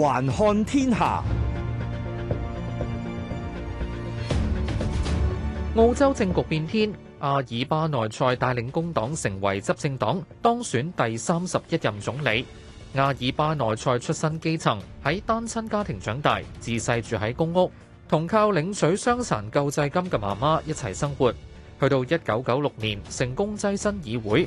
環看天下，澳洲政局變天，阿爾巴內塞帶領工黨成為執政黨，當選第三十一任總理。阿爾巴內塞出身基層，喺單親家庭長大，自細住喺公屋，同靠領取傷殘救濟金嘅媽媽一齊生活。去到一九九六年，成功躋身議會。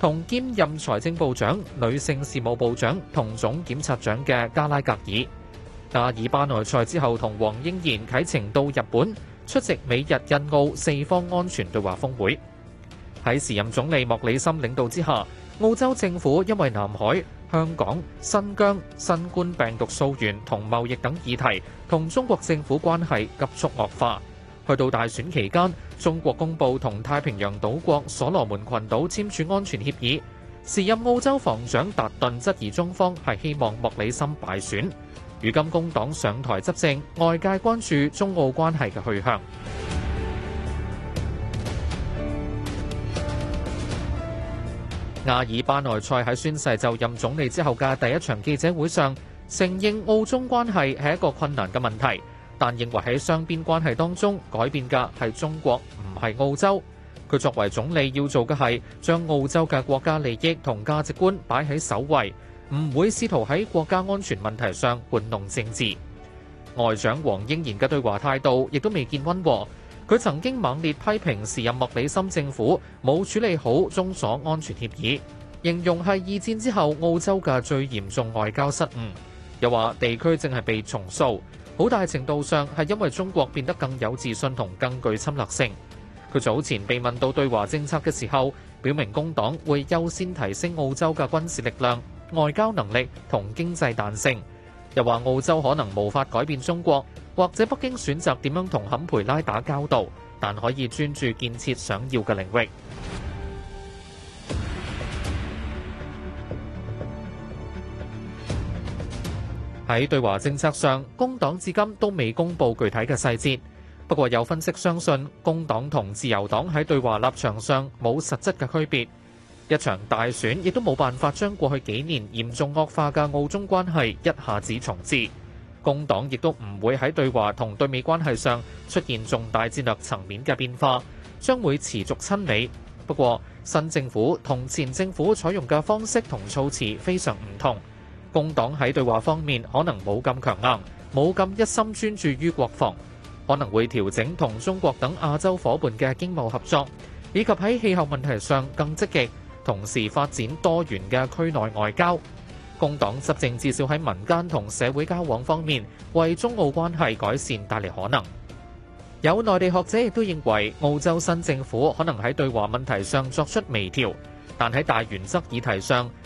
同兼任財政部長、女性事務部長同總檢察長嘅加拉格爾，阿爾巴內塞之後同黃英賢啟程到日本出席美日印澳四方安全對話峰會。喺時任總理莫里森領導之下，澳洲政府因為南海、香港、新疆、新冠病毒溯源同貿易等議題，同中國政府關係急速惡化。去到大選期間，中國公佈同太平洋島國所羅門群島簽署安全協議。時任澳洲防長達頓質疑中方係希望莫里森敗選。如今工黨上台執政，外界關注中澳關係嘅去向。阿爾巴內塞喺宣誓就任總理之後嘅第一場記者會上，承認澳中關係係一個困難嘅問題。但認為喺雙邊關係當中改變嘅係中國，唔係澳洲。佢作為總理要做嘅係將澳洲嘅國家利益同價值觀擺喺首位，唔會試圖喺國家安全問題上玩弄政治。外長黃英賢嘅對華態度亦都未見溫和。佢曾經猛烈批評時任莫里森政府冇處理好中所安全協議，形容係二戰之後澳洲嘅最嚴重外交失誤，又話地區正係被重塑。好大程度上係因為中國變得更有自信同更具侵略性。佢早前被問到對華政策嘅時候表明工黨會優先提升澳洲嘅軍事力量、外交能力同經濟彈性，又話澳洲可能無法改變中國或者北京選擇點樣同坎培拉打交道，但可以專注建設想要嘅領域。喺對華政策上，工黨至今都未公布具體嘅細節。不過有分析相信，工黨同自由黨喺對華立場上冇實質嘅區別。一場大選亦都冇辦法將過去幾年嚴重惡化嘅澳中關係一下子重置。工黨亦都唔會喺對華同對美關係上出現重大戰略層面嘅變化，將會持續親美。不過新政府同前政府採用嘅方式同措辭非常唔同。工黨喺對華方面可能冇咁強硬，冇咁一心專注於國防，可能會調整同中國等亞洲夥伴嘅經貿合作，以及喺氣候問題上更積極，同時發展多元嘅區內外交。工黨執政至少喺民間同社會交往方面，為中澳關係改善帶嚟可能。有內地學者亦都認為，澳洲新政府可能喺對華問題上作出微調，但喺大原則議題上。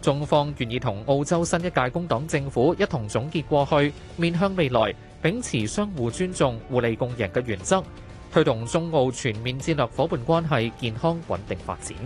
中方願意同澳洲新一屆工黨政府一同總結過去，面向未來，秉持相互尊重、互利共贏嘅原則，推動中澳全面戰略伙伴關係健康穩定發展。